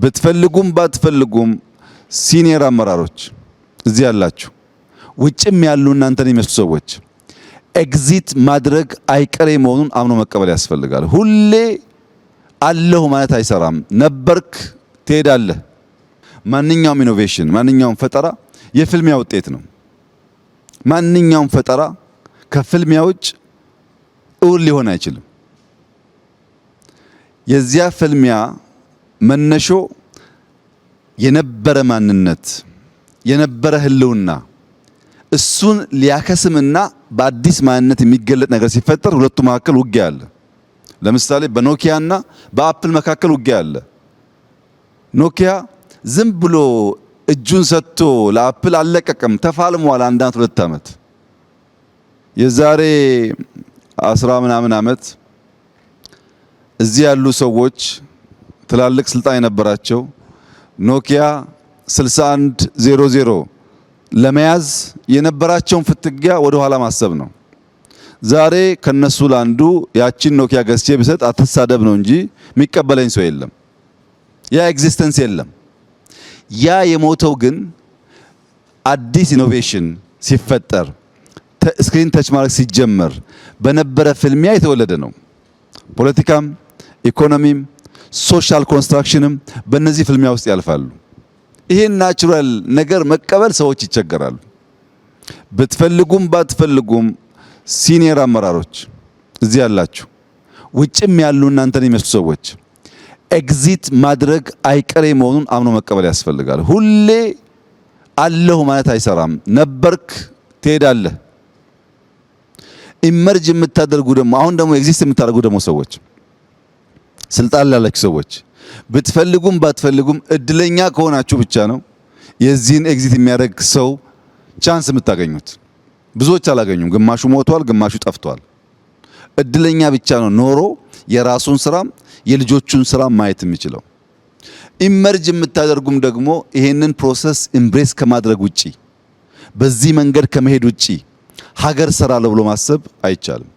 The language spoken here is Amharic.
ብትፈልጉም ባትፈልጉም ሲኒየር አመራሮች እዚህ ያላችሁ፣ ውጭም ያሉ እናንተን የሚመስሉ ሰዎች ኤግዚት ማድረግ አይቀሬ መሆኑን አምኖ መቀበል ያስፈልጋል። ሁሌ አለሁ ማለት አይሰራም። ነበርክ፣ ትሄዳለህ። ማንኛውም ኢኖቬሽን፣ ማንኛውም ፈጠራ የፍልሚያ ውጤት ነው። ማንኛውም ፈጠራ ከፍልሚያ ውጭ እውን ሊሆን አይችልም። የዚያ ፍልሚያ መነሾ የነበረ ማንነት የነበረ ህልውና እሱን ሊያከስምና በአዲስ ማንነት የሚገለጥ ነገር ሲፈጠር ሁለቱ መካከል ውጊያ አለ። ለምሳሌ በኖኪያና በአፕል መካከል ውጊያ አለ። ኖኪያ ዝም ብሎ እጁን ሰጥቶ ለአፕል አለቀቅም ተፋልሟል። አንድ አመት ሁለት ዓመት የዛሬ አስራ ምናምን ዓመት እዚህ ያሉ ሰዎች ትላልቅ ስልጣን የነበራቸው ኖኪያ 6100 ለመያዝ የነበራቸውን ፍትጊያ ወደ ኋላ ማሰብ ነው። ዛሬ ከነሱ ለአንዱ ያቺን ኖኪያ ገዝቼ ብሰጥ አትሳደብ ነው እንጂ የሚቀበለኝ ሰው የለም። ያ ኤግዚስተንስ የለም። ያ የሞተው ግን አዲስ ኢኖቬሽን ሲፈጠር ስክሪን ተች ማድረግ ሲጀመር በነበረ ፍልሚያ የተወለደ ነው። ፖለቲካም ኢኮኖሚም ሶሻል ኮንስትራክሽንም በእነዚህ ፍልሚያ ውስጥ ያልፋሉ። ይህን ናቹራል ነገር መቀበል ሰዎች ይቸገራሉ። ብትፈልጉም ባትፈልጉም ሲኒየር አመራሮች እዚህ ያላችሁ፣ ውጭም ያሉ እናንተን የሚመስሉ ሰዎች ኤግዚት ማድረግ አይቀሬ መሆኑን አምኖ መቀበል ያስፈልጋል። ሁሌ አለሁ ማለት አይሰራም። ነበርክ፣ ትሄዳለህ። ኢመርጅ የምታደርጉ ደግሞ አሁን ደግሞ ኤግዚስት የምታደርጉ ደግሞ ሰዎች ስልጣን ላላችሁ ሰዎች ብትፈልጉም ባትፈልጉም እድለኛ ከሆናችሁ ብቻ ነው የዚህን ኤግዚት የሚያደርግ ሰው ቻንስ የምታገኙት። ብዙዎች አላገኙም። ግማሹ ሞቷል፣ ግማሹ ጠፍቷል። እድለኛ ብቻ ነው ኖሮ የራሱን ስራም የልጆቹን ስራ ማየት የሚችለው። ኢመርጅ የምታደርጉም ደግሞ ይሄንን ፕሮሰስ ኢምብሬስ ከማድረግ ውጪ፣ በዚህ መንገድ ከመሄድ ውጪ ሀገር ሰራለሁ ብሎ ማሰብ አይቻልም።